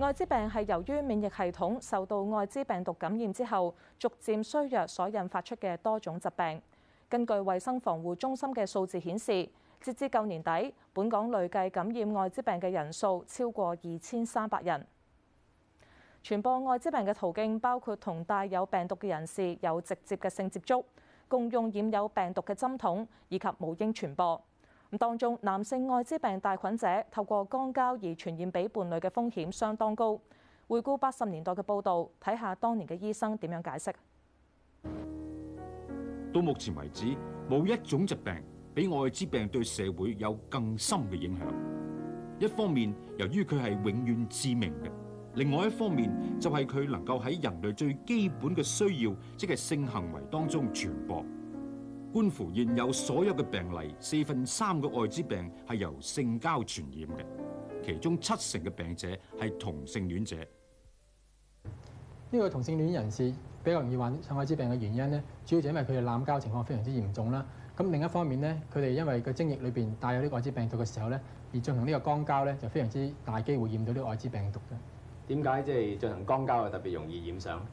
愛滋病係由於免疫系統受到愛滋病毒感染之後，逐漸衰弱所引發出嘅多種疾病。根據衛生防護中心嘅數字顯示，截至舊年底，本港累計感染愛滋病嘅人數超過二千三百人。傳播愛滋病嘅途徑包括同帶有病毒嘅人士有直接嘅性接觸、共用染有病毒嘅針筒以及母嬰傳播。當中男性愛滋病帶菌者透過肛交而傳染俾伴侶嘅風險相當高。回顧八十年代嘅報道，睇下當年嘅醫生點樣解釋。到目前為止，冇一種疾病比愛滋病對社會有更深嘅影響。一方面，由於佢係永遠致命嘅；另外一方面，就係佢能夠喺人類最基本嘅需要，即係性行為當中傳播。關乎現有所有嘅病例，四分三嘅艾滋病係由性交傳染嘅，其中七成嘅病者係同性戀者。呢個同性戀人士比較容易患上艾滋病嘅原因咧，主要就因為佢哋濫交情況非常之嚴重啦。咁另一方面咧，佢哋因為個精液裏邊帶有呢啲艾滋病毒嘅時候咧，而進行呢個肛交咧，就非常之大機會染到呢啲艾滋病毒嘅。點解即係進行肛交啊，特別容易染上？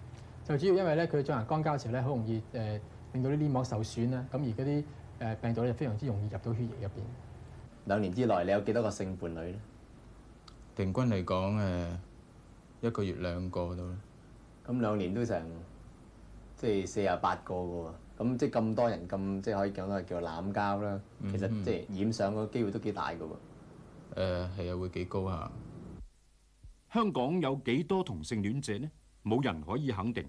就主要因為咧，佢進行肛交嘅時候咧，好容易誒。呃令到啲黏膜受損啦，咁而嗰啲誒病毒咧就非常之容易入到血液入邊。兩年之內你有幾多個性伴侶咧？平均嚟講誒，一個月兩個度啦。咁兩年都成，即係四十八個嘅喎。咁即係咁多人咁，即係可以講到係叫做濫交啦。其實即係染上嘅機會都幾大嘅喎。誒係啊，會幾高呀？香港有幾多同性戀者咧？冇人可以肯定。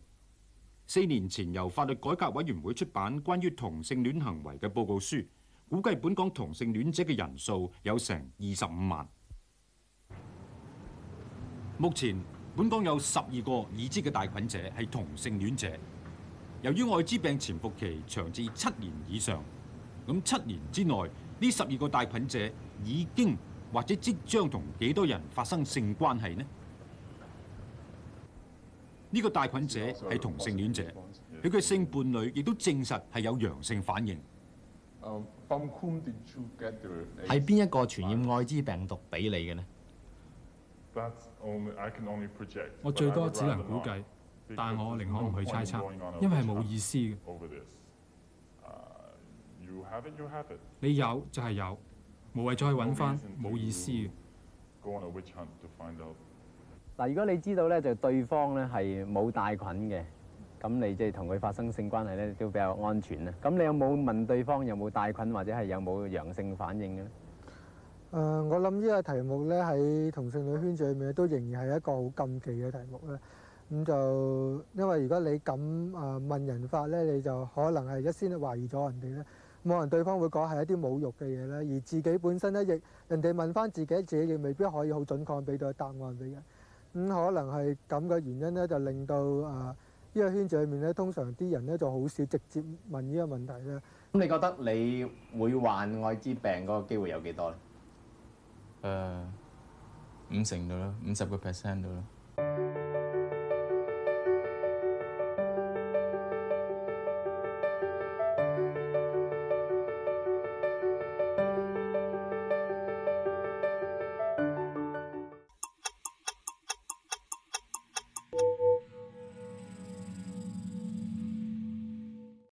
四年前由法律改革委員會出版關於同性戀行為嘅報告書，估計本港同性戀者嘅人數有成二十五萬。目前本港有十二個已知嘅帶菌者係同性戀者，由於艾滋病潛伏期長至七年以上，咁七年之內呢十二個帶菌者已經或者即將同幾多人發生性關係呢？呢個帶菌者係同性戀者，佢嘅性伴侶亦都證實係有陽性反應。係邊、uh, 一個傳染愛滋病毒俾你嘅呢？我最多只能估計，但我寧可唔去猜測，因為係冇意思嘅。你有就係有，無謂再揾翻，冇意思嘅。嗱，如果你知道咧，就對方咧係冇帶菌嘅，咁你即係同佢發生性關係咧，都比較安全啦。咁你有冇問對方有冇帶菌或者係有冇陽性反應嘅咧？誒，我諗呢個題目咧，喺同性戀圈子裏面都仍然係一個好禁忌嘅題目啦。咁就因為如果你敢誒問人法咧，你就可能係一先懷疑咗人哋咧，冇人對方會講係一啲侮辱嘅嘢咧，而自己本身咧亦人哋問翻自己，自己亦未必可以好準確俾到答案俾人。咁可能係咁嘅原因咧，就令到啊呢個圈子裏面咧，通常啲人咧就好少直接問呢個問題咧。咁你覺得你會患愛滋病嗰個機會有幾多咧？誒，五成到咯，五十個 percent 到咯。